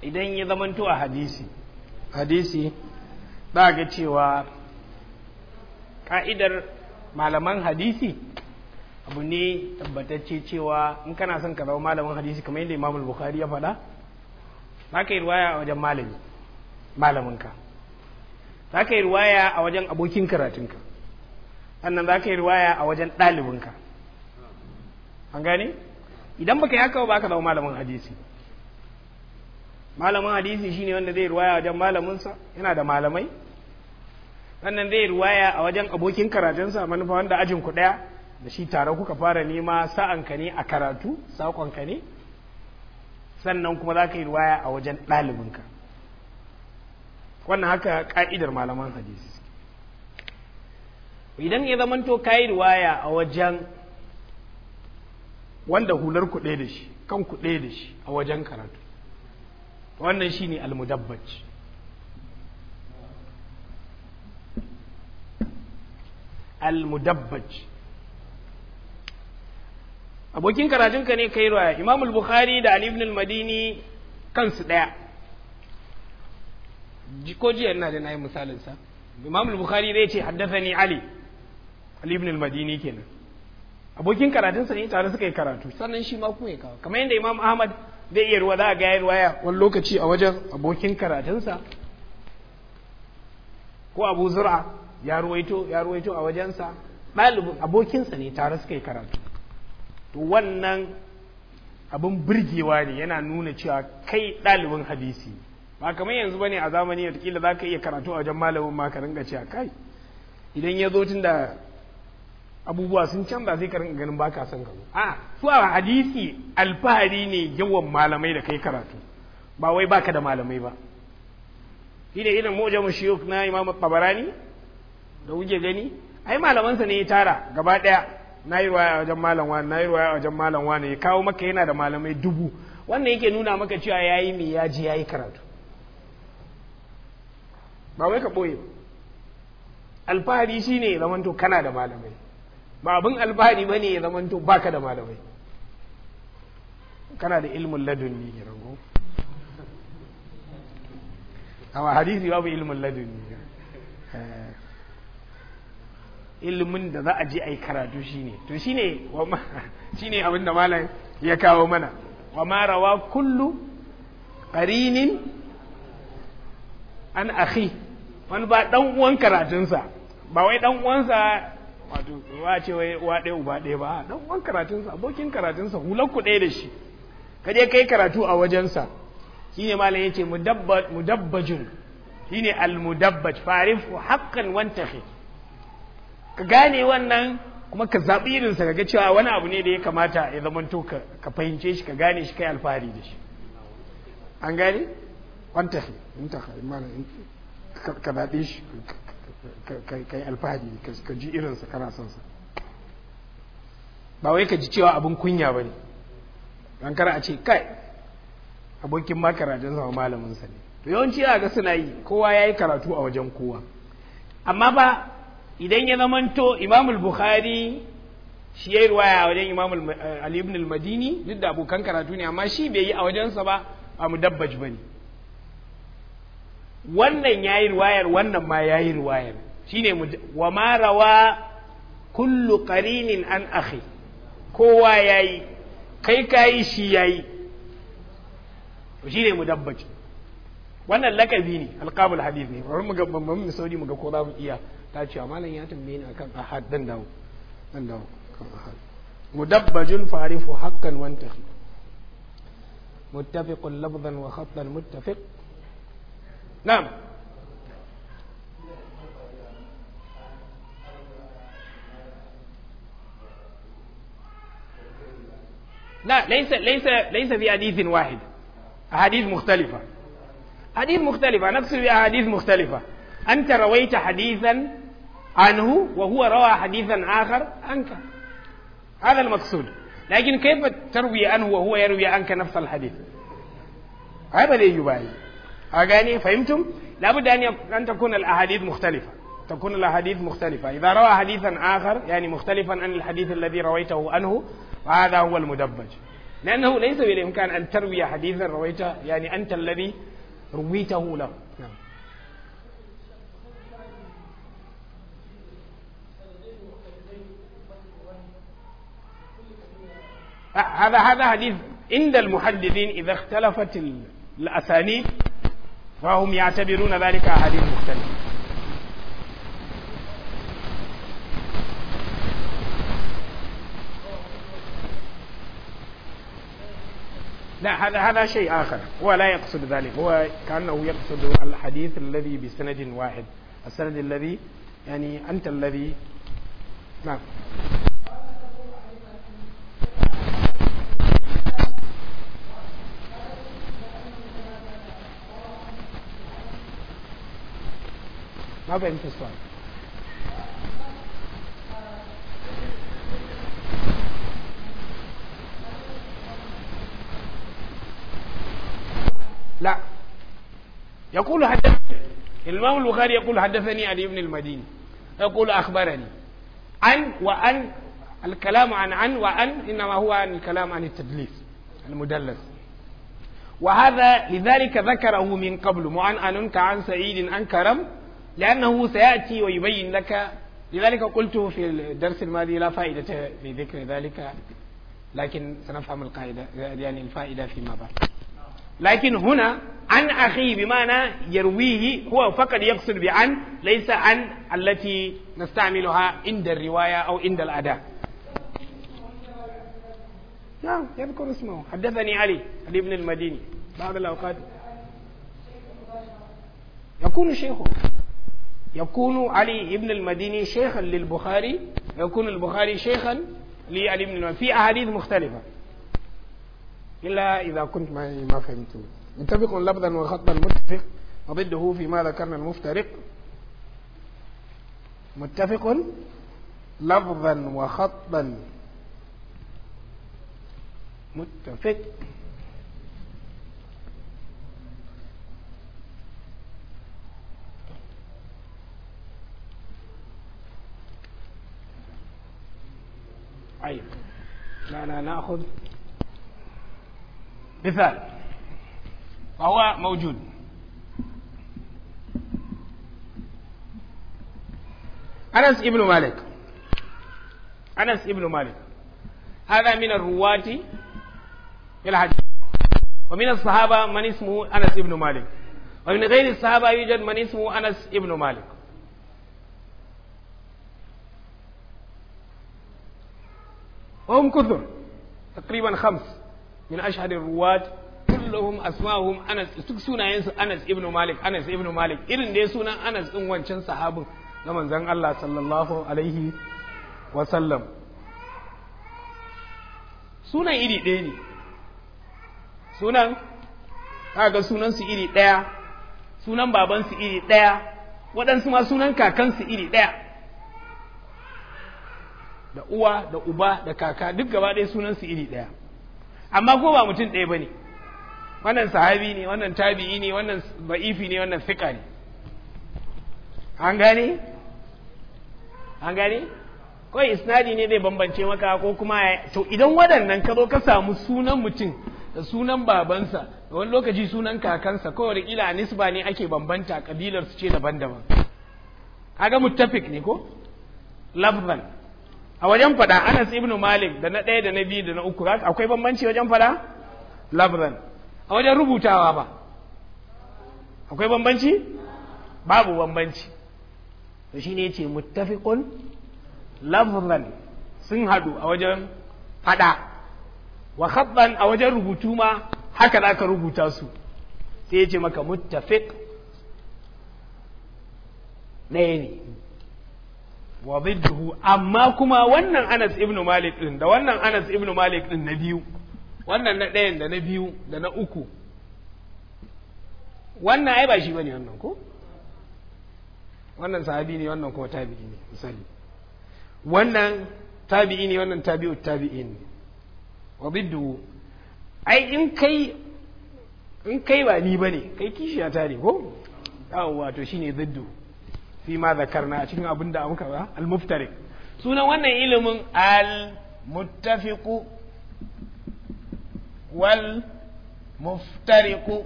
idan ya zamanto a hadisi hadisi za ga cewa ka'idar malaman hadisi abu ne tabbatacce cewa in kana son ka zama malamin hadisi kamar yadda imamul bukhari ya faɗa za ka yi ruwaya a wajen malami malaminka za ka yi ruwaya a wajen abokin karatunka sannan za ka yi ruwaya a wajen ɗalibinka an gane idan baka yi haka ba ka zama malamin hadisi malamin hadisi shine wanda zai ruwaya wajen malaminsa yana da malamai sannan zai ruwaya a wajen abokin karatunsa manufa wanda ajin ku ɗaya da shi tare kuka fara nema sa'anka ne a karatu ka ne sannan kuma za ka yi ruwaya a wajen ɗalibinka wannan haka ƙa'idar malaman hadisi idan ya zamanto ka yi ruwaya a wajen wanda hular ku ɗaya da shi kan ku ɗaya da shi a wajen karatu wannan shine almudabbaj almudabbaj abokin karatunka ne kai ruwaya imam al-bukhari da ali ibn al-madini kansu daya ko jiya ina da nayi misalin sa imam al-bukhari zai ce haddathani ali ali ibn al-madini kenan abokin karatunsa ne tare suka yi karatu sannan shi ma kuma ya kawo kamar yadda imam ahmad zai iya ruwa za a gaya waya wani lokaci a wajen abokin karatunsa ko abu zura ya ruwaito ya ruwaito a wajensa ɗalibin abokinsa ne tare suka yi karatu to wannan abin birgewa ne yana nuna cewa kai ɗalibin hadisi ba kamar yanzu ba ne a zamani da kila za ka iya karatu a wajen malamin ma ka ringa cewa kai idan ya zo tun da abubuwa sun canza zai karin ganin ba ka son ka a su a hadisi alfahari ne yawan malamai da kai karatu ba wai ba ka da malamai ba shi da irin mujam shiyuk na imam tabarani da wuje gani ai malamansa ne ya tara gaba daya na yi ruwaya wajen malam wani na yi ruwaya wajen malam wani ya kawo maka yana da malamai dubu wannan yake nuna maka cewa ya yi mai yaji yi karatu ba wai ka ɓoye alfahari shine zamanto kana da malamai ba abin alfahari ba ne ya zama to baka da malamai kana da ilmin ladunni kiran ko amma hadisi babu ilmin ladunni eh, ilmin da za a je a yi karatu shine to shine ne abin da malam ya kawo mana wa ma kullu ƙarinin an akhi wani ba ɗan uwan karatunsa ba wai dan uwansa wato ba ce wai uwa ɗaya uba ɗaya ba dan uwan karatunsa abokin karatunsa hular ku ɗaya da shi ka je kai karatu a wajensa shi ne malam yace mudabbajun shi ne almudabbaj farifu haqqan wantahi ka gane wannan kuma ka zaɓi irinsa ka ga cewa wani abu ne da ya kamata ya to ka fahimce shi ka gane shi kai alfahari da shi an gane wanta wantahi malam ka shi ka yi alfahari ka ji irinsa kana son sa ba wai ka ji cewa abin kunya ba ne don kara a ce kai abokin ma karatun zama malamin sa ne to yawanci a ga suna yi kowa ya yi karatu a wajen kowa amma ba idan ya zamanto imamul bukhari shi ya yi ruwaya a wajen imamul eh, madini duk da abokan karatu ne amma shi bai yi a wajensa ba ba mu mudabbaj ba ne wannan yayi riwayar wannan ma yayi riwayar shine wa ma rawa kullu qarinin an akhi kowa yayi kai kai shi yayi shine mudabbaji wannan lakabi ne alqabul hadith ne bari mu ga bambam mu saudi mu ga ko za mu iya ta ce malam ya tambaye ni akan ahad dan dawo dan dawo kan ahad mudabbajun farifu haqqan wa intahi muttafiqun lafzan wa khattan muttafiq نعم لا ليس ليس ليس في حديث واحد أحاديث مختلفة حديث مختلفة نقصد بأحاديث مختلفة أنت رويت حديثا عنه وهو روى حديثا آخر عنك هذا المقصود لكن كيف تروي عنه وهو يروي عنك نفس الحديث هذا لا يبالي أغاني فهمتم لابد أن تكون الأحاديث مختلفة تكون الأحاديث مختلفة إذا روى حديثا آخر يعني مختلفا عن الحديث الذي رويته عنه فهذا هو المدبج لأنه ليس بالإمكان أن تروي حديثا رويته يعني أنت الذي رويته له نعم. هذا هذا حديث عند المحدثين إذا اختلفت الأسانيد فهم يعتبرون ذلك أحاديث مختلفة لا هذا هذا شيء آخر هو لا يقصد ذلك هو كأنه يقصد الحديث الذي بسند واحد السند الذي يعني أنت الذي نعم ما فهمت السؤال لا يقول حدث الإمام البخاري يقول حدثني علي بن المديني يقول أخبرني عن وأن الكلام عن عن وأن إنما هو عن الكلام عن التدليس المدلس وهذا لذلك ذكره من قبل وعن أن كعن سعيد أن كرم لأنه سيأتي ويبين لك لذلك قلته في الدرس الماضي لا فائدة في ذكر ذلك لكن سنفهم القاعدة يعني الفائدة فيما بعد لكن هنا عن أخي بمعنى يرويه هو فقط يقصد بعن ليس عن التي نستعملها عند الرواية أو عند الأداء نعم يذكر اسمه حدثني علي علي بن المديني بعض الأوقات يكون شيخه يكون علي ابن المديني شيخا للبخاري يكون البخاري شيخا لعلي ابن المديني في أحاديث مختلفة إلا إذا كنت ما ما فهمت متفق لفظا وخطا متفق وضده فيما ذكرنا المفترق متفق لفظا وخطا متفق عيب معنا نأخذ مثال وهو موجود أنس ابن مالك أنس ابن مالك هذا من الرواة للحج ومن الصحابة من اسمه أنس ابن مالك ومن غير الصحابة يوجد من اسمه أنس ابن مالك وهم كثر تقريبا خمس من أشهر الرواة كلهم أسماءهم أنس تكسونا ينسو أنس ابن مالك أنس ابن مالك إذن دي سونا أنس إن وانشان صحاب لمن زن الله صلى الله عليه وسلم سونا إيدي ديني سونا kaga sunan su iri ɗaya sunan baban su iri ɗaya waɗansu ma sunan kakan su iri ɗaya da uwa da uba da kaka duk gaba ɗaya sunansu iri ɗaya amma ko ba mutum ɗaya ba ne wannan sahabi ne wannan tabi'i ne wannan ba'ifi ne wannan fiƙa ne an gane an gane kawai isnadi ne zai bambance maka ko kuma to idan waɗannan ka zo ka samu sunan mutum da sunan babansa da wani lokaci sunan kakansa kawai da kila nisba ne ake bambanta kabilar su ce daban-daban kaga muttafik ne ko lafzan a wajen fada Anas ibn Malik da na ɗaya da na biyu da na uku akwai bambanci wajen fada labran a wajen rubutawa ba akwai bambanci babu bambanci to ne ce muttafiqun labran sun haɗu a wajen fada wa khattan a wajen rubutu ma haka ka rubuta su sai ce maka muttafiq ɗaya ne wa zidduhu amma kuma wannan Anas ibn Malik din da wannan Anas ibn Malik din na biyu wannan na ɗayan da na biyu da na uku wannan ai ba shi bane wannan ko wannan sahabi ne wannan kuma tabi'i ne misali wannan tabi'i ne wannan tabi'u tabi'i ne wa biddu ai in kai in kai ba ni bane kai kishiya ta ne ko yawwa to shine ziddu fi ma zakarna a cikin abin da muka ba al-muftari sunan wannan ilimin al-muttafiqu wal muftariqu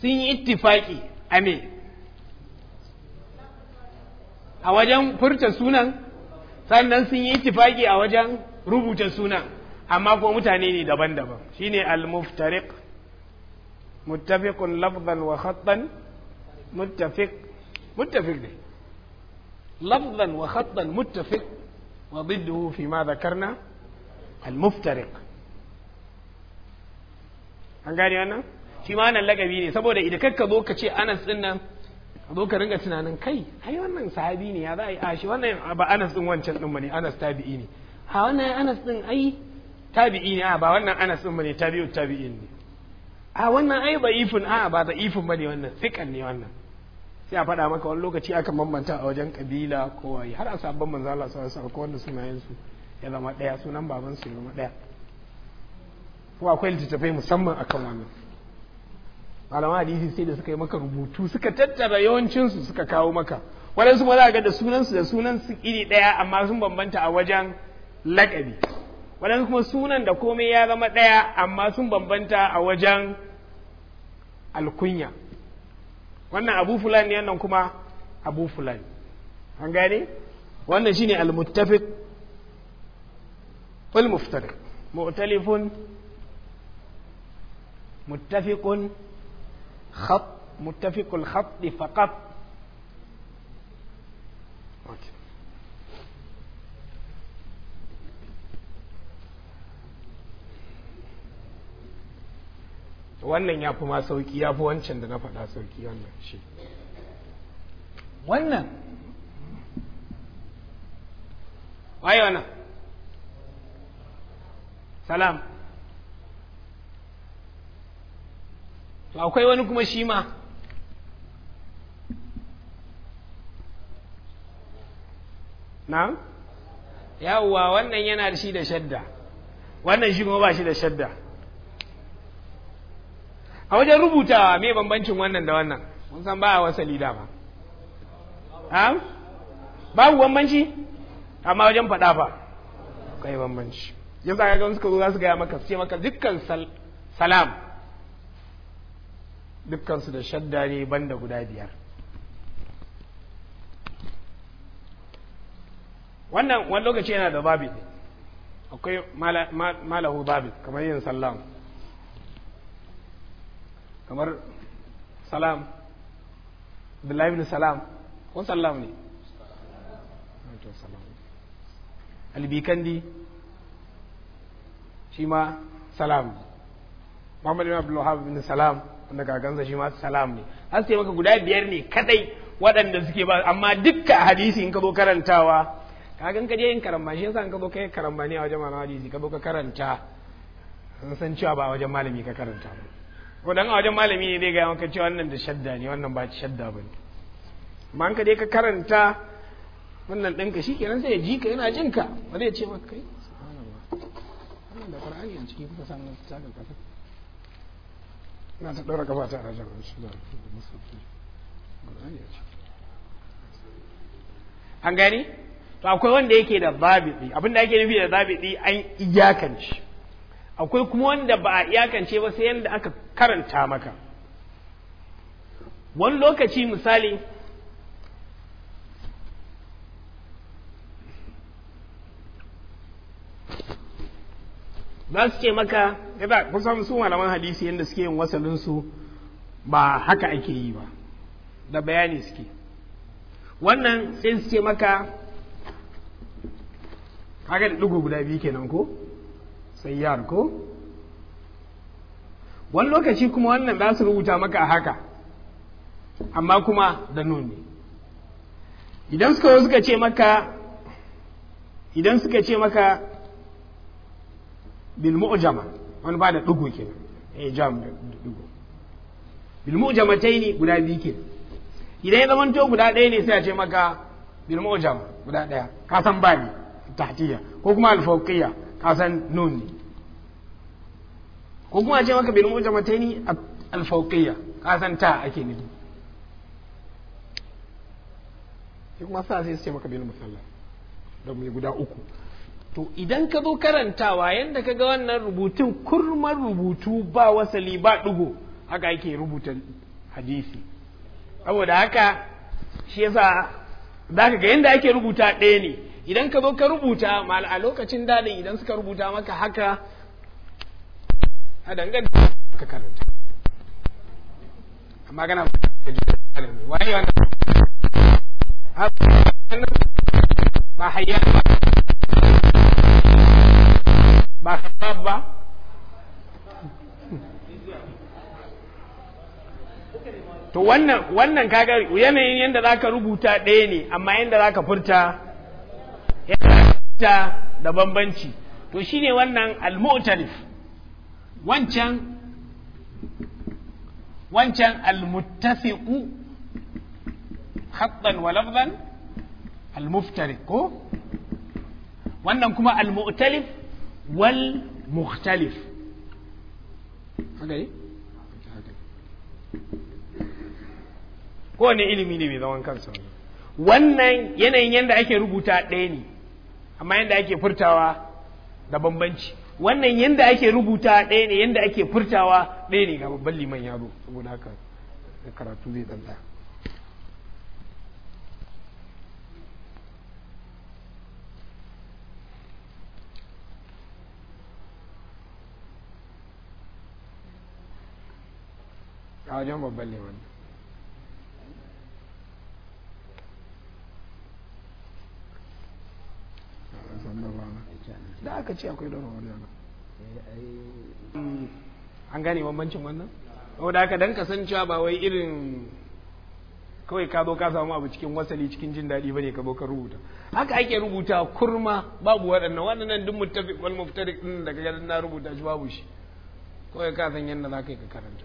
sun yi ittifaki a me a wajen furta sunan sannan sun yi ittifaki a wajen rubuta sunan amma ko mutane ne daban-daban shine al-muftariq muttafiqun lafzan wa khattan muttafiq متفق ده لفظا وخطا متفق وضده فيما ذكرنا المفترق an gane wannan shi ma wannan lakabi ne saboda idan kakka zo ka ce anas din nan zo ka ringa tunanin kai ai wannan sahabi ne ya za a yi ashi wannan ba anas din wancan din bane anas tabi'i ne a wannan anas din ai tabi'i ne a ba wannan anas din bane tabi'u tabi'in ne a wannan ai da'ifun a ba da'ifun bane wannan sikan ne wannan sai a faɗa maka wani lokaci aka bambanta a wajen kabila ko waye har a sabon manzo Allah sallallahu alaihi wanda sunayen su ya zama ɗaya sunan baban su ya zama ɗaya ko akwai littattafai musamman akan wannan malama hadisi sai da suka yi maka rubutu suka tattara yawancin su suka kawo maka su ba za ga da sunan su da sunan su iri ɗaya amma sun bambanta a wajen laƙabi wannan kuma sunan da komai ya zama ɗaya amma sun bambanta a wajen alkunya wannan abu fulani ne wannan kuma abu fulani an gane wannan shine al-muttafiq wal muftariq mu'talifun muttafiqun khat muttafiqul khat faqat wannan ya fi ma sauki ya fi wancan da na faɗa sauki wannan shi wannan waye wannan salam to akwai wani kuma shi ma na yawwa wannan yana da shi da shadda wannan shi kuma ba shi da shadda a wajen rubutawa me bambancin wannan da wannan mun san ba a wasali dama ba. babu bambanci amma wajen faɗa fa kai bambanci yanzu aka ga suka zo za su gaya maka su ce maka dukkan salam dukkan su da shadda ne banda guda biyar wannan wani lokaci yana da babi akwai malahu babi kamar yin sallama kamar salam abdullahi ibn salam ko salam ne albikandi shi ma salam muhammad ibn abdul wahab ibn salam wanda kakansa shi ma salam ne an sai maka guda biyar ne kadai waɗanda suke ba amma dukkan hadisi in ka zo karantawa gan ka je yin karamba shi yasa in ka zo kai karamba ne a wajen malamin hadisi ka zo ka karanta sun san cewa ba a wajen malami ka karanta ba ko dan a wajen malami ne zai gaya maka cewa wannan da shadda ne wannan ba shadda ba ne amma an ka dai ka karanta wannan ɗinka shi kenan sai ya ji ka yana jin ka ba zai ce maka kai wannan da ƙwar'ani a ciki kuka samun ta ga kafa ina ta ɗora kafa ta a rajar wasu da ƙwar'ani a ciki an gani to akwai wanda yake da zabiɗi abinda ake nufi da zabiɗi an iyakance akwai kuma wanda ba a iyakance ba sai yadda aka karanta maka wani lokaci misali za su ce maka yadda kusan su malaman hadisi yadda suke yin wasalinsu ba haka ake yi ba da bayani suke wannan sai su ce maka haka da ɗigo guda biyu kenan ko sayyar ko wani lokaci kuma wannan za su rubuta maka a haka amma kuma da nuni, idan suka suka ce maka idan suka ce maka bilmu mu'jama wani ba da dugu kenan eh jam dugu bil ne guda biyu ke idan ya to guda ɗaya ne sai a ce maka bilmu mu'jama guda ɗaya kasan ba ne tahtiya ko kuma alfaukiya Kasan san nun ne ko kuma a ce maka bil mujamataini al-fawqiyya ka kasan ta ake nufi sai kuma sa sai su ce maka bil musalla don mu guda uku to idan ka zo karantawa yadda ka ga wannan rubutun kurman rubutu ba wasali ba ɗigo haka ake rubuta hadisi saboda haka shi yasa za ka ga yadda ake rubuta ɗaya ne idan ka zo ka rubuta mal a lokacin daɗin idan suka rubuta maka haka a dangane da ka karanta amma gana waye wannan ba hayya ba ba khatab ba to wannan wannan yanayin yadda za ka rubuta ɗaya ne amma yadda za ka furta yana da bambanci to shine wannan al-mu'talif wancan wancan al-muttafiqu khattan wa lafzan al-muftariq ko wannan kuma al-mu'talif wal mukhtalif okay. kowane ilimi ne mai zaman kansa wannan yanayin yadda ake rubuta ɗaya ne amma yadda ake furtawa da bambanci wannan yadda ake rubuta ɗaya ne yadda ake furtawa ɗaya ne ga babban liman yaro saboda haka da karatu zai tsantsa a wajen babban liman aka ce akwai lura wani yana an gane bambancin wannan da aka dan kasancewa ba wai irin kawai ka zo ka samu abu cikin wasali cikin jin daɗi ne ka zo ka rubuta haka ake rubuta kurma babu waɗannan waɗannan duk mutafi wal muftariq din da ga na rubuta shi babu shi kawai ka san yadda za ka yi ka karanta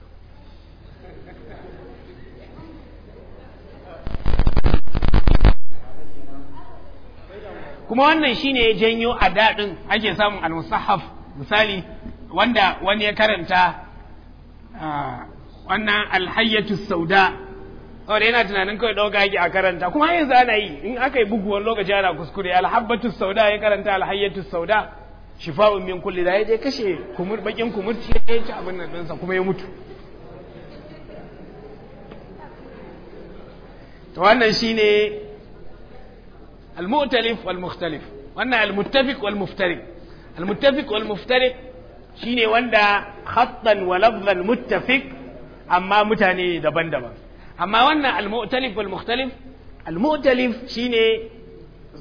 kuma wannan shine ya janyo a daɗin ake samun al-musahaf misali wanda wani ya karanta wannan alhayyatu sauda wanda yana tunanin kawai ɗauka yake a karanta kuma yanzu ana yi in aka yi buguwan lokaci ana kuskure alhabbatu sauda ya karanta alhayyatu sauda shifa'un min kulli da ya je kashe kumur bakin kumurci ya ci abin nan ɗinsa kuma ya mutu to wannan shine al-mu'talif wal mukhtalif wannan al-muttafiq wal muftariq shine wanda khattan wa lafzan muttafiq amma mutane daban-daban amma wannan al-mu'talif wal shine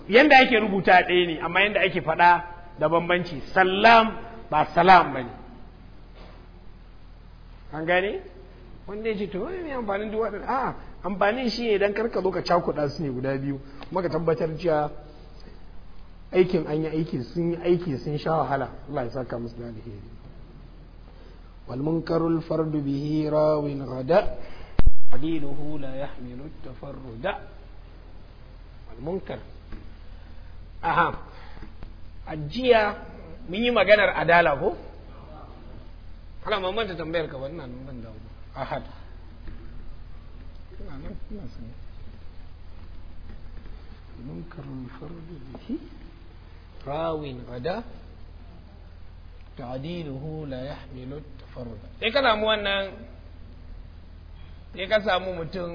yanda ake rubuta ɗaya ne amma yanda ake faɗa da bambanci sallam ba salam bane amfanin shi ne idan karka zo ka cakuɗa su ne guda biyu kuma ka tabbatar cewa aikin an yi aiki sun yi aiki sun sha wahala Allah ya saka musu da alheri wal munkarul fardu bihi rawin ghada qadiluhu la yahmilu tafarruda wal munkar aha ajiya mun yi maganar adala ko kana mamanta tambayar ka wannan ban da ahad منكر الفرد به راو غدا تعديله لا يحمل التفرد la yahmilu tafarrud sai ka samu wannan sai ka samu mutum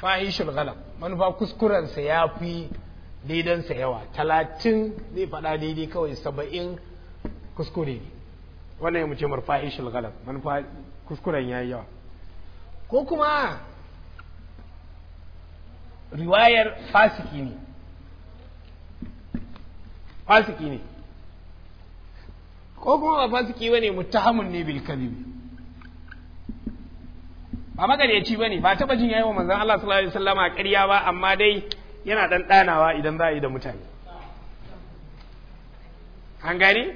fahishul ghalam manufa kuskurensa ya fi daidansa yawa talatin zai faɗa daidai kawai saba'in kuskure wannan ya mutumar fahishul ghalam manufa kuskuren ya yi yawa ko kuma riwayar fasiki ne fasiki ne ko kuma ba fasiki ne muttahamun ne bil kadhib ba magareci bane ba taba jin wa manzan Allah sallallahu alaihi a ƙarya ba amma dai yana dan danawa idan za a yi da mutane an gani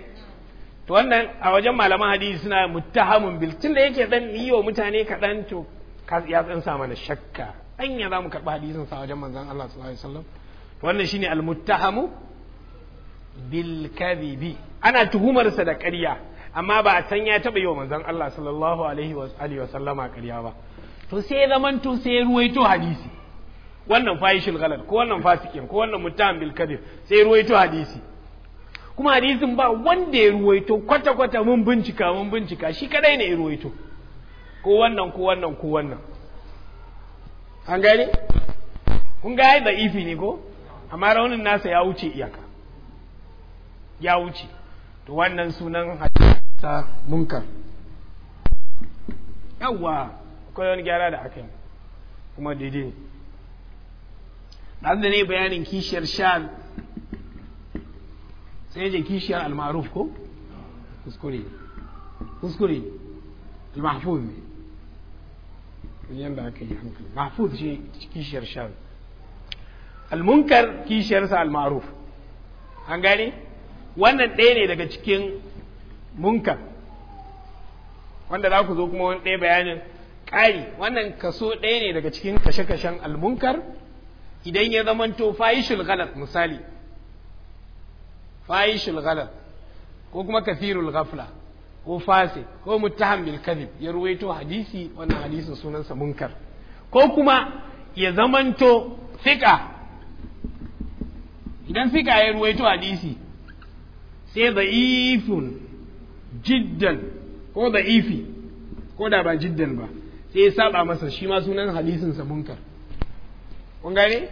to wannan a wajen malaman hadisi suna muttahamun bil tunda yake dan yi wa mutane kaɗan to ya sa mana shakka anya za mu karɓi hadisin sa wajen manzan Allah sallallahu alaihi wasallam wannan shine almuttahamu bil kadhibi ana tuhumar sa da ƙarya amma ba a san ya taɓa yi wa manzan Allah sallallahu alaihi wa alihi wasallama ƙarya ba to sai zaman to sai ruwaito hadisi wannan fahishin galar ko wannan fasikin ko wannan muttaham bil kadhib sai ruwaito hadisi kuma hadisin ba wanda ya ruwaito kwata-kwata mun bincika mun bincika shi kadai ne ya ruwaito ko wannan ko wannan ko wannan an gani? kun ga da ifi ne ko amma raunin nasa ya wuce iyaka ya wuce to wannan sunan hajjata munkar yawwa akwai wani gyara da aka yi kuma daidai ne da ne bayanin kishiyar shan sai yaje kishiyar al ko kuskure kuskure mahfuz ne da aka yi hankali mahfuz shi kishiyar shari almunkar kishiyarsa almaruf an gane wannan ɗaya ne daga cikin munkar wanda za ku zo kuma wani ɗaya bayanin ƙari wannan kaso ɗaya ne daga cikin kashe-kashen almunkar idan ya zama zamanto fahishul ghalat misali fahishul ghalat ko kuma kathirul ghafla ko fasi ko muttaham bil kadhib ya ruwaito hadisi wannan hadisin sunansa munkar ko kuma ya zamanto fika idan fika ya ruwaito hadisi sai da'ifun jiddan ko da'ifi ko da ba jiddan ba sai ya saba masa shi ma sunan hadisinsa munkar kun gane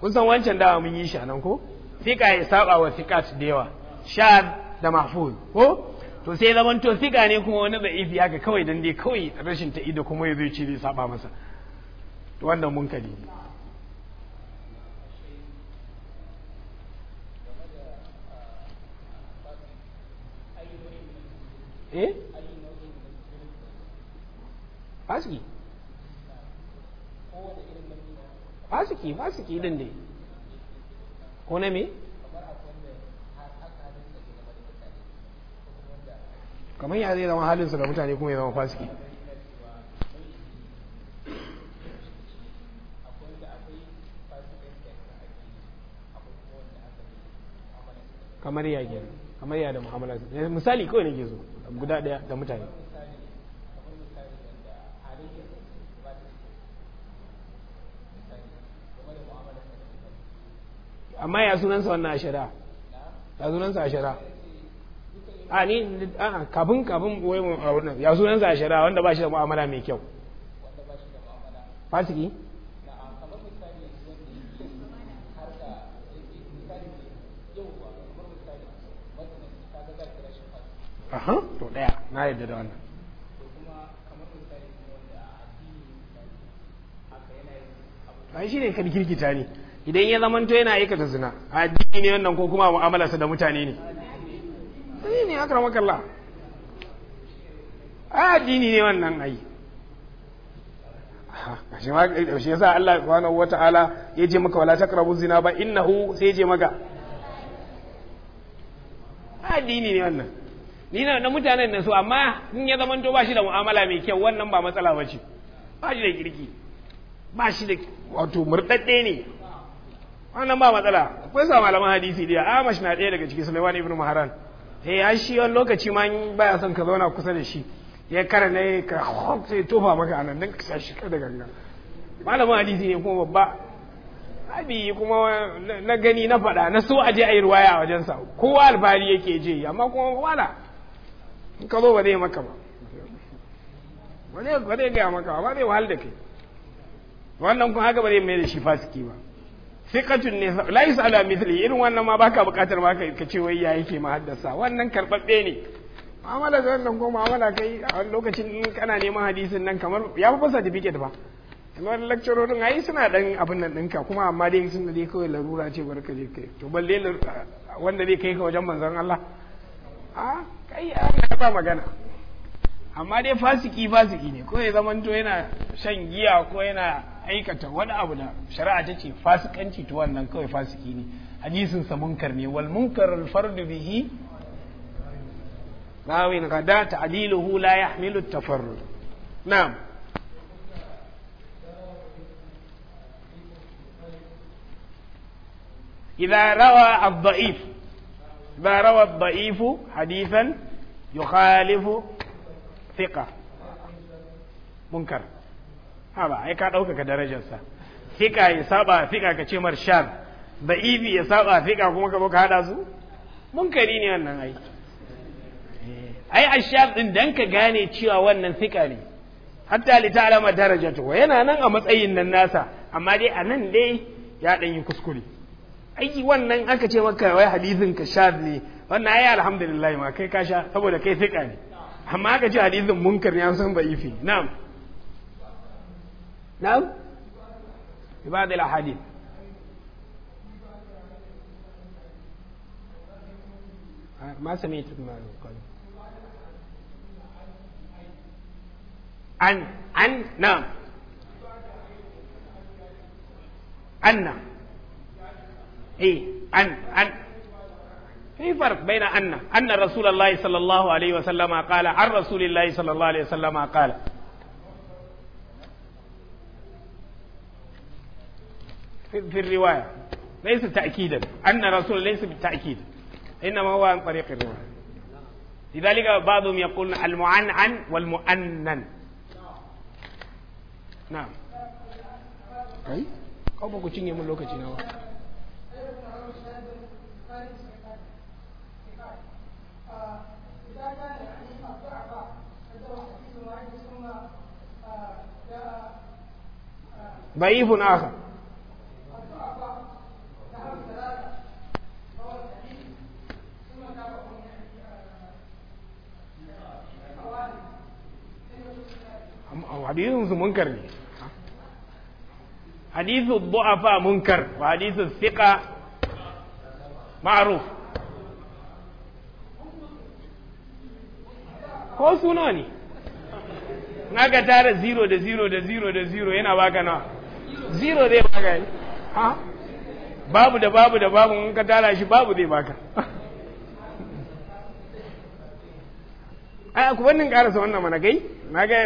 kun san wancan dawa mun yi shi nan ko fika ya saba wa fiqat da yawa shad da mahfuz ko to sai zaman to siga ne kuma wani da'ifi haka kawai dan dai kawai rashin ta'i da kuma yazo ce zai saba masa to wannan munkari ne eh fasiki fasiki fasiki din dai ko na me kamar ya zai zama halinsa da mutane kuma ya zama fasiki kamar ya gina kamar ya da mu'amala eh, misali kawai ne ke zo guda daya da mutane amma ya sunansa wannan ashara ya sunansa ashara a ni a kafin kafin wai mu wannan ya sunan sa shari'a wanda ba shi da mu'amala mai kyau fasiki aha to daya na yadda da wannan ai shi ne ka kirkita ne idan ya zamanto yana aikata zina addini ne wannan ko kuma mu'amalarsa da mutane ne ne akramakallah a addini ne wannan ai shi ma shi yasa Allah subhanahu ta'ala ya je maka wala taqrabu zina ba innahu sai ya je maka addini ne wannan ni na mutanen nan su amma in ya zaman to ba shi da mu'amala mai kyau wannan ba matsala ba ce ba shi da kirki ba shi da wato murɗaɗɗe ne wannan ba matsala akwai sa malaman hadisi da amash na ɗaya daga cikin Sulaiman ibn Maharan sai eh, ya shi wani lokaci ma in baya son ka zauna kusa da shi ya kara ne ka hok sai tofa maka nan, don ka shi da ganga malamin hadisi ne kuma babba abi kuma na gani na faɗa na so aje a yi ruwaya a wajensa kowa alfahari yake je amma kuma wala in ka zo ba zai maka ba ba zai gaya maka ba zai wahal da kai wannan kuma haka ba zai mai da shi fasiki ba fiƙatun ne la yas'alu an mithli irin wannan ma baka buƙatar ma ka ce wai ya yake muhaddasa wannan karbabbe ne mu'amala da wannan ko mu'amala kai a wani lokacin kana neman hadisin nan kamar ya fi da certificate ba kamar lecturerin ai suna dan abin nan ɗinka kuma amma dai sun da dai kawai larura ce barka je kai to balle wanda zai kai ka wajen manzon Allah a kai Allah ba magana amma dai fasiki fasiki ne ko ya to yana shan giya ko yana aikata wani abu da shari'a ta ce fasikanci to wannan kawai fasiki ne hadisin sa munkar ne wal munkar al fardu bihi rawi na gada ta'diluhu la yahmilu at-tafarrud na'am إذا روى الضعيف إذا روى الضعيف حديثا يخالف ثقة منكر ba ai ka ɗaukaka darajarsa fika ya saba fika ka ce marshal da ibi ya saba fika kuma ka ka haɗa su munkari ne wannan ai ai ashab din dan ka gane cewa wannan fika ne hatta li ta'lama darajatu wa yana nan a matsayin nan nasa amma dai a nan dai ya dan yi kuskure aiki wannan aka ce maka wai hadithin ka shar ne wannan ai alhamdulillah ma kai ka sha saboda kai fika ne amma aka ce hadisin munkar ne an san ba'ifi na'am نعم في بعض الأحاديث ما سمعتك ما قال عن عن نعم أن نعم. اي عن عن في فرق بين أن أن رسول الله صلى الله عليه وسلم قال عن رسول الله صلى الله عليه وسلم قال في الرواية ليس تأكيدا أن رسول ليس بالتأكيد إنما هو عن طريق الرواية لذلك بعضهم يقول المعنعن والمؤنن نعم أي أو بكو تشيني من لوكا تشيني ضعيف آخر hadisin su munkar ne hadisu bu'afa munkar wa hadisu siƙa ma'aruf ko suna ne ga tara zero da zero da zero da zero yana baka nawa zero zai baka yi ha babu da babu da babu in ka tara shi babu zai baka ai ku bannin karasa wannan mana gai na ga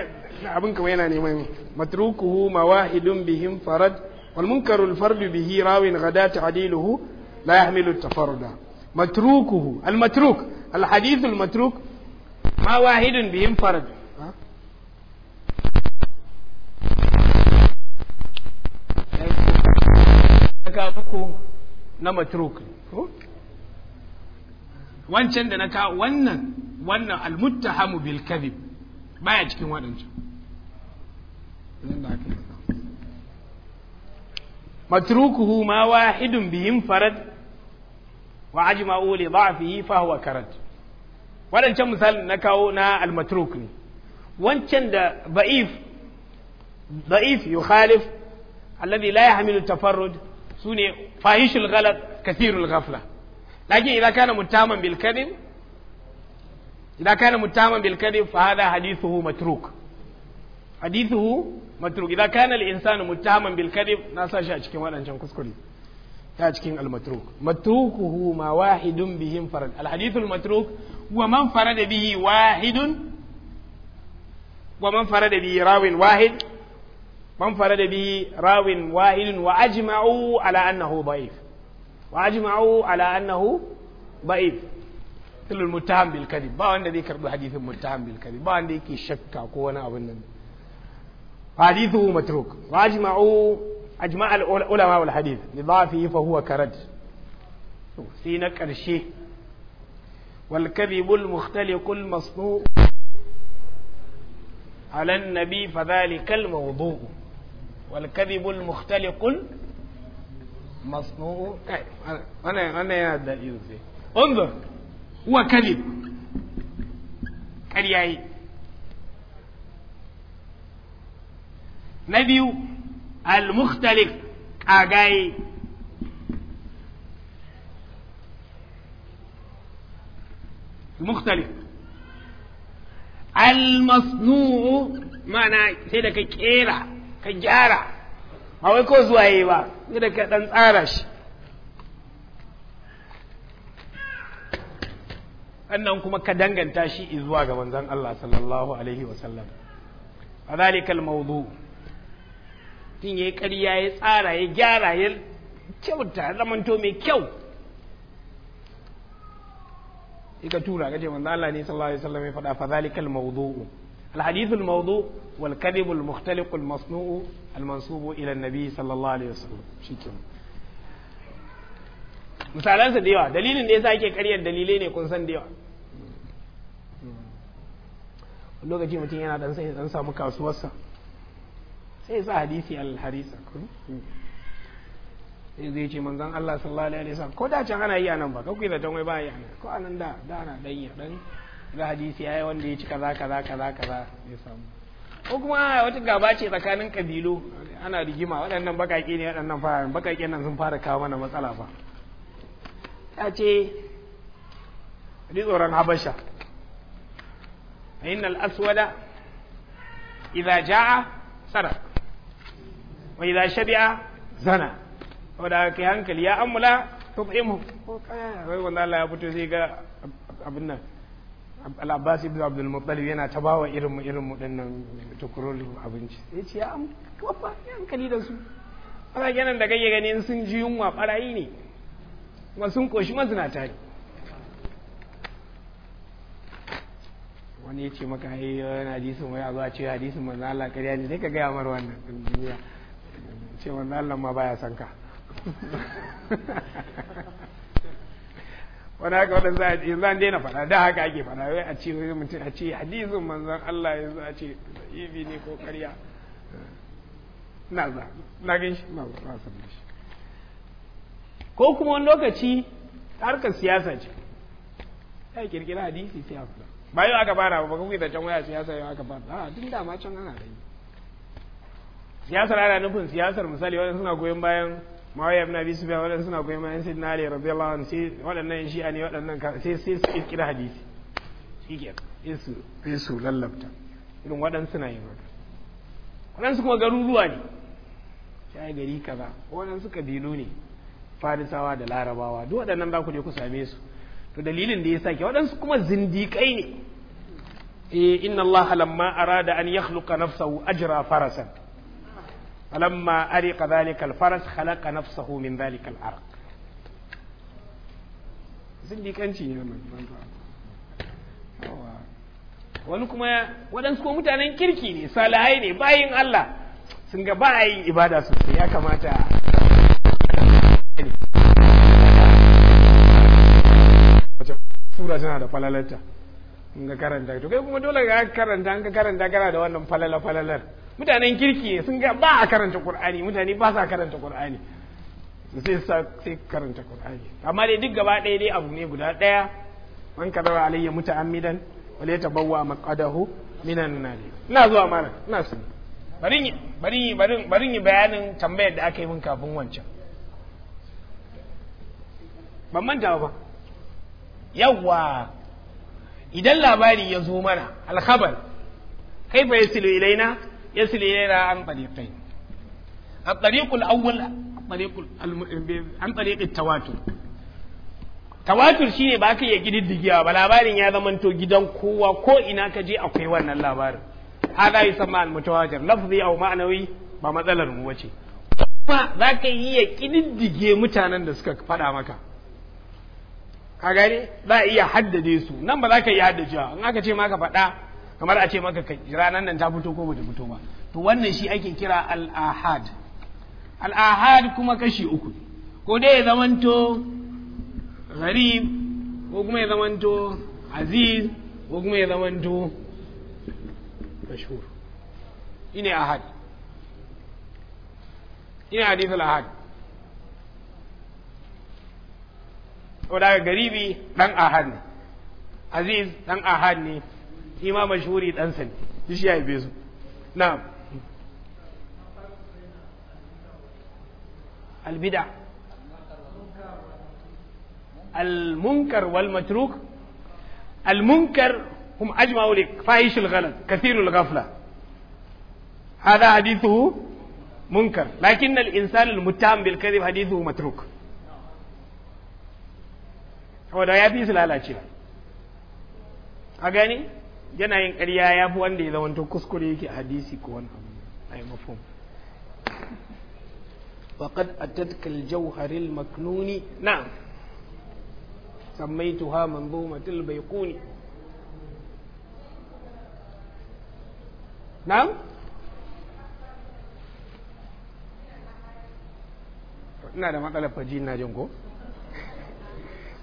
abin kawai yana neman matrukuhu mawahidun bihim farad wal munkaru al fard bihi rawin ghadat adiluhu la yahmilu al tafarruda matrukuhu al matruk al hadith al matruk mawahidun bihim farad ka muku na matruk wancan da na ka wannan wannan al muttahamu bil kadhib baya cikin waɗancan matrukuhu ma wahidun bihim farad wa ajma'u li da'fihi fa huwa karad waɗancan misalin na kawo na almatruk ne wancan da ba'if da'if yukhalif alladhi la yahmilu tafarrud sune fahishul ghalat kathirul ghafla lakin idan kana mutaman bil kadhib إذا كان متهما بالكذب فهذا حديثه متروك حديثه متروك إذا كان الإنسان متهما بالكذب ناسا شيء أشكي وانا نشان كسكري أشكي المتروك متروكه ما واحد به فرد الحديث المتروك ومن فرد به واحد ومن فرد به راو واحد من فرد به راو واحد وأجمعوا على أنه ضعيف وأجمعوا على أنه ضعيف قال المتهم بالكذب باو عند كربو حديث المتهم بالكذب باو عندي كي شكا كو وانا ابنن حديثه متروك واجمعوا اجمع العلماء والحديث لضعفه فهو كرد سينا كرشي والكذب المختلق المصنوع على النبي فذلك الموضوع والكذب المختلق المصنوع انا انا انا انظر هو وكذب كرياي نبيو المختلف كاغاي المختلف المصنوع معنى سيدك كيرا كجارة ما هو يكوز وايبا كده كتن تارش sannan kuma ka danganta shi zuwa ga manzon Allah sallallahu alaihi wasallam fadhalikal mawdu tin yayi ƙarya ya tsara ya gyara ya kyauta zamanto mai kyau ika tura kace manzon Allah ne sallallahu alaihi wasallam ya faɗa fadhalikal mawdu الحديث الموضوع والكذب المختلق المصنوع المنصوب إلى النبي صلى الله عليه وسلم شكرا misalansa da yawa dalilin da ya ake karyar dalilai ne kun san da yawa lokaci mutum yana dan sai dan samu kasuwarsa sai sa hadisi al-harisa sai zai ce manzon Allah sallallahu alaihi wasallam ko da can ana yi anan ba kai da tanwai ba yi anan ko anan da da ana dan ya dan ga hadisi yayi wanda ya ci kaza kaza kaza kaza ya samu ko kuma wata gaba ce tsakanin kabilu ana rigima waɗannan bakaƙe ne waɗannan fara bakaƙe nan sun fara kawo mana matsala ba. ta ce ri tsoron habasha فإن الأسود إذا جاء سرق وإذا شبع زنى wadda ka yi hankali ya ammula tut'imu ko kaya wai wanda Allah ya fito sai ga abin nan al-Abbas Abdul Muttalib yana ta bawa irin mu irin mu dinnan tukurulu abinci sai ce ya da su ganin da sun ji yunwa barayi ne kuma sun koshi mazinata wani ya ce maka hayi yana hadisin wai a zuwa ce hadisin manzo Allah kariya ne sai ka gaya mar wannan duniya ce manzo Allah ma baya san ka wani haka waɗanda za a ce zan daina faɗa da haka ake faɗa wai a ce wani mutum a ce hadisin manzon Allah yanzu a ce ibi ne ko karya na za na gan shi na san shi ko kuma wani lokaci harkar siyasa ce ya kirkira hadisi sai a faɗa ba yau aka fara ba kuma da can waya siyasa yau aka fara a tun da ma can ana da yi siyasar ana nufin siyasar misali wadanda suna goyon bayan mawaya ibn abi su wadanda suna goyon bayan sayyidina ali radiyallahu wani sai wadannan shi'a ne wadannan sai sai su kirkira hadisi shikenan isu su lallabta irin wadansu suna yin haka wadansu kuma garuruwa ne sai gari kaza wadansu kabilu ne farisawa da larabawa duk waɗannan za ku je ku same su to dalilin da ya sa ke waɗansu kuma zindiƙai ne eh inna Allah lamma arada an yakhluqa nafsahu ajra farasan falamma ariqa dhalika al-faras khalaqa nafsahu min dhalika al-arq zindiƙanci ne wannan wani kuma waɗansu ko mutanen kirki ne salahai ne bayin Allah sun ga ba a yin ibada sosai ya kamata sura tana da falalarta in ga karanta to kai kuma dole ga karanta an ga karanta kana da wannan falala falalar mutanen kirki sun ga ba a karanta qur'ani mutane ba sa karanta qur'ani sai sai karanta qur'ani amma dai duk gaba ɗaya dai abu ne guda ɗaya man kadara alayya muta'ammidan la tabawwa maqadahu minan nar ina zuwa mana ina su bari bari bari bari bayanin tambayar da aka yi min kafin wancan ban manta ba yawwa idan labari ya zo mana alkhabar kaifa yasilu ilaina yasilu ilaina an tariqai an tariqul awwal an tariqit tawatur tawatur shine ba ka iya gididdigiya ba labarin ya to gidan kowa ko ina ka je akwai wannan labarin hada yusamma al mutawatir lafzi aw ma'nawi ba matsalar mu wace kuma za ka iya kididdige mutanen da suka faɗa maka a gani za a iya haddade su nan ba za ka iya haddace in aka ce maka faɗa kamar a ce maka ranar nan ta fito ko bata fito ba to wannan shi ake kira al-ahad al-ahad kuma kashi uku ko dai ya zamanto gharib ko kuma ya zamanto aziz ko kuma ya zamanto mashhur ine ahad ina hadithul ahad ko daga garibi dan ahad ne aziz dan ahad ne shi ma mashhuri dan sani shi ya yi su na'am albida المنكر والمتروك المنكر هم أجمعوا لك فاحش الغلط كثير الغفلة هذا حديثه منكر لكن الإنسان المتهم بالكذب حديثه متروك saboda ya fi su lalacewa a gani yana yin ƙarya ya fi wanda ya zamanta kuskure yake hadisi ko wani abu a yi mafum na أتتك tuha man نعم سميتها bai kuni na ina da matsalar faji na jin ko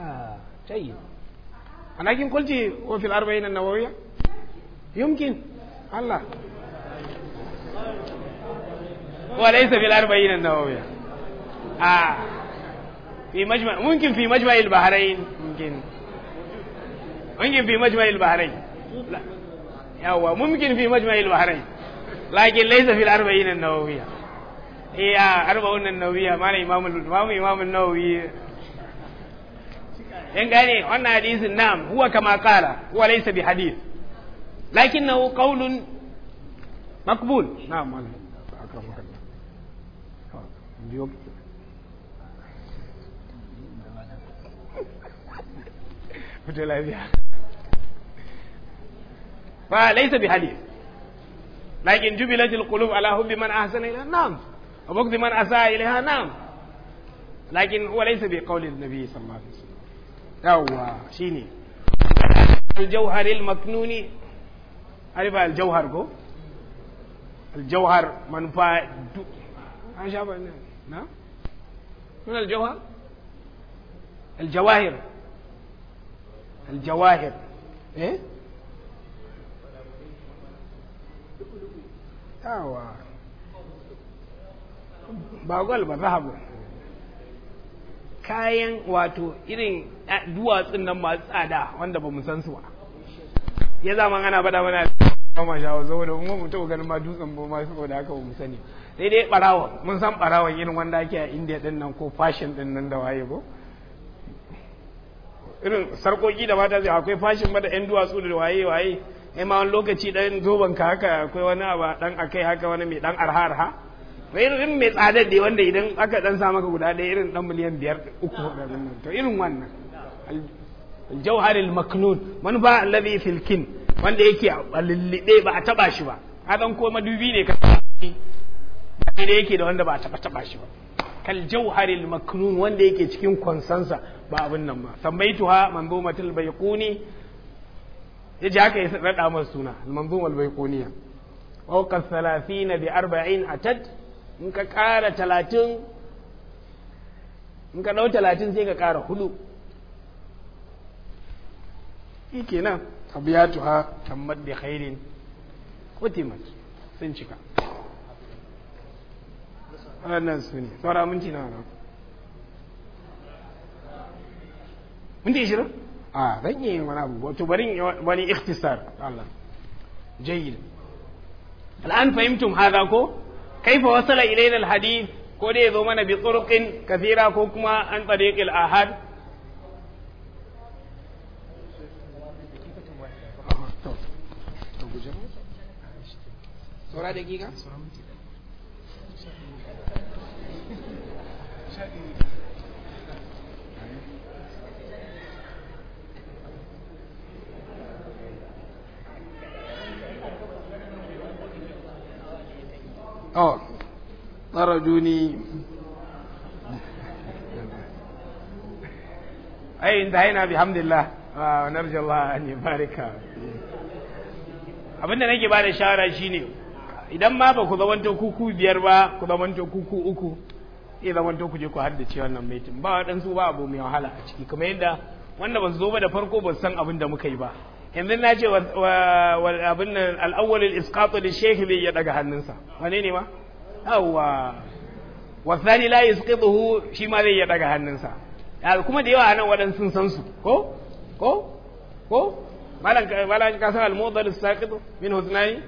آه، جيد لكن قلت وفي الأربعين النووية يمكن الله وليس في الأربعين النووية آه في مجمع ممكن في مجمع البحرين ممكن ممكن في مجمع البحرين لا هو ممكن في مجمع البحرين لكن ليس في الأربعين النووية هي أربعون النووية ما إمام الإمام النووي in gane wannan hadisin na'am huwa kama kala huwa laysa bi hadith lakinnahu qawlun maqbul na'am fa laysa bi hadith lakin jubilat alqulub ala hubbi man ahsana ila nam wa bughd man asaa ilaha nam lakin huwa laysa bi qawli an-nabi sallallahu alaihi wasallam أوا شيني الجوهر المكنوني عارف الجوهر كو الجوهر من فا دو نعم. من الجوهر الجواهر الجواهر ايه أوا باقول بذهب kayan wato irin duwatsun nan masu tsada wanda ba mu san su ba ya zama ana bada mana ma shawo saboda mun mu taɓa ganin ma dutsen ba ma saboda haka ba mu sani sai dai barawa mun san barawa irin wanda ake a India din nan ko fashin din nan da waye go irin sarkoki da mata zai akwai fashin ba da ɗan duwatsu da waye waye ai ma wani lokaci ɗan zoban ka haka akwai wani abu ɗan akai haka wani mai ɗan arha arha to irin mai tsada da wanda idan aka dan sa ka guda ɗaya irin dan miliyan biyar uku to irin wannan aljauharil maknun wani alladhi fil filkin wanda yake a lullube ba a taba shi ba a dan ko madubi ne ka sai da yake da wanda ba a taba taba shi ba kal jauharil maknun wanda yake cikin konsansa ba abin nan ba sammaituha manzumatul ya ji haka ya rada masa suna manzumatul baiquniya fawqa 30 bi 40 atad in ka ƙara talatin in ka ɗau talatin sai ka ƙara hudu ke nan abu ya tuha tammat da hairin kotimat sun cika wannan su ne saura minti na wani minti shirin a zan yi wani abu wato bari wani ikhtisar Allah jayyid al'an fahimtum hada ko كيف وصل إلينا الحديث كوني ضمن بطرق كثيرة كوكما عن طريق الآحاد سورة دقيقة oh ai intahina bihamdillah wa ah, narja Allah an yabarika abinda nake ba da shawara shine idan ma ba ku zamanto kuku biyar ba ku zamanto kuku uku sai zamanto ku je ku haddace wannan maitin ba waɗansu ba abu mai wahala a ciki kuma yadda wanda ba su zo ba da farko ba san abin da muka yi ba yanzu na ce wa abin nan al al-isqat li shaykh bi ya daga hannunsa wane ne ma yawa wa thani la yasqituhu shi ma zai ya daga hannunsa kuma da yawa nan wadan sun san su ko ko ko malan malan ka san al-mudhal al-saqit min huznai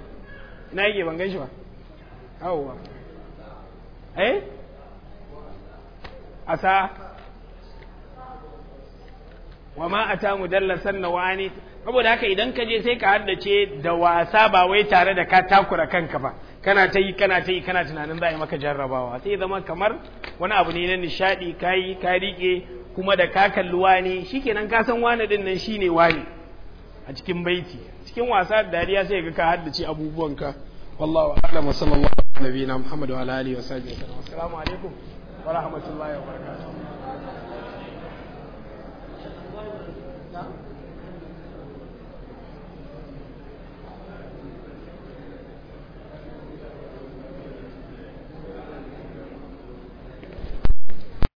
ina yake ban ganshi ba yawa eh asa wa ma ata mudallasan nawani saboda haka idan ka je sai ka haddace da wasa ba wai tare da ka takura kanka ba kana ta yi kana ta yi kana tunanin za a yi maka jarrabawa sai zama kamar wani abu ne na nishaɗi ka yi ka rike kuma da ka kalli wani shikenan ka san wani din nan shine wani a cikin baiti cikin wasa da dariya sai ga ka haddace abubuwanka wallahu a'lam wa sallallahu ala muhammad wa ala wa sahbihi wa assalamu alaikum wa rahmatullahi wa barakatuh